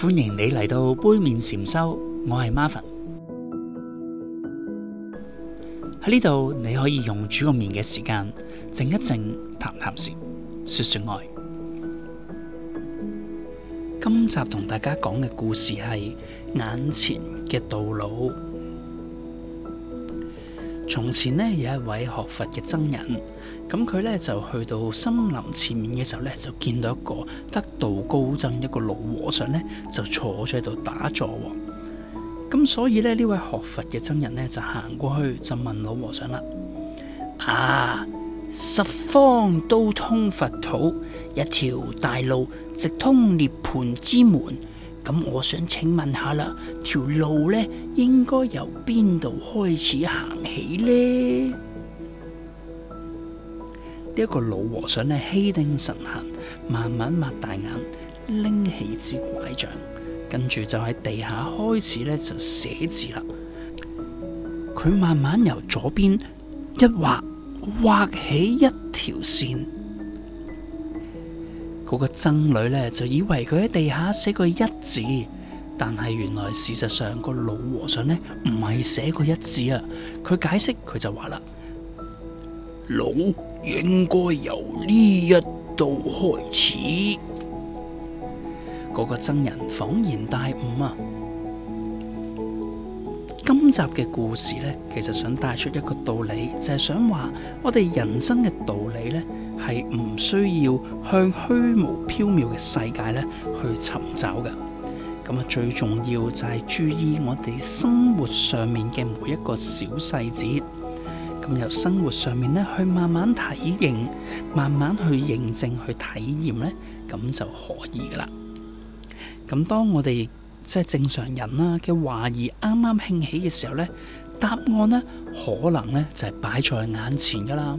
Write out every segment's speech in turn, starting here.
歡迎你嚟到杯麵禪修，我係 Marvin。喺呢度你可以用煮個麵嘅時間靜一靜，談談事，說說愛。今集同大家講嘅故事係眼前嘅道路。從前呢有一位學佛嘅僧人，咁佢呢就去到森林前面嘅時候呢，就見到一個得道高僧，一個老和尚呢，就坐住喺度打坐、哦。咁所以呢，呢位學佛嘅僧人呢，就行過去就問老和尚啦：啊，十方都通佛土，一條大路直通涅槃之門。咁我想請問下啦，條路呢應該由邊度開始行起呢？呢、這、一個老和尚呢，氣定神閒，慢慢擘大眼，拎起支拐杖，跟住就喺地下開始呢，就寫字啦。佢慢慢由左邊一畫，畫起一條線。嗰個僧女呢，就以為佢喺地下寫過一字，但係原來事實上，個老和尚呢，唔係寫過一字啊！佢解釋佢就話啦：老應該由呢一度開始。嗰個僧人恍然大悟啊！今集嘅故事呢，其實想帶出一個道理，就係、是、想話我哋人生嘅道理呢，係唔需要向虛無縹緲嘅世界呢去尋找嘅。咁啊，最重要就係注意我哋生活上面嘅每一個小細節。咁由生活上面呢去慢慢體認，慢慢去認證，去體驗呢，咁就可以噶啦。咁當我哋。即係正常人啦嘅懷疑，啱啱興起嘅時候呢，答案呢，可能呢，就係擺在眼前噶啦。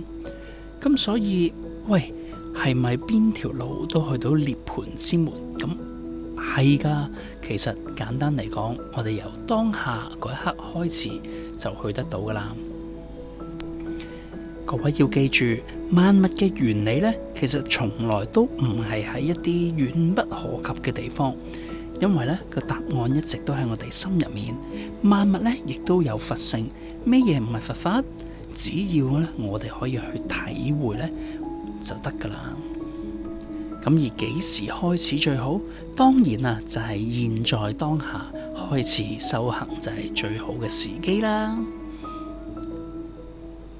咁所以，喂，係咪邊條路都去到涅槃之門？咁係噶，其實簡單嚟講，我哋由當下嗰一刻開始就去得到噶啦。各位要記住，萬物嘅原理呢，其實從來都唔係喺一啲遠不可及嘅地方。因為咧個答案一直都喺我哋心入面，萬物咧亦都有佛性，咩嘢唔係佛法，只要咧我哋可以去體會咧就得噶啦。咁而幾時開始最好？當然啊，就係現在當下開始修行就係最好嘅時機啦。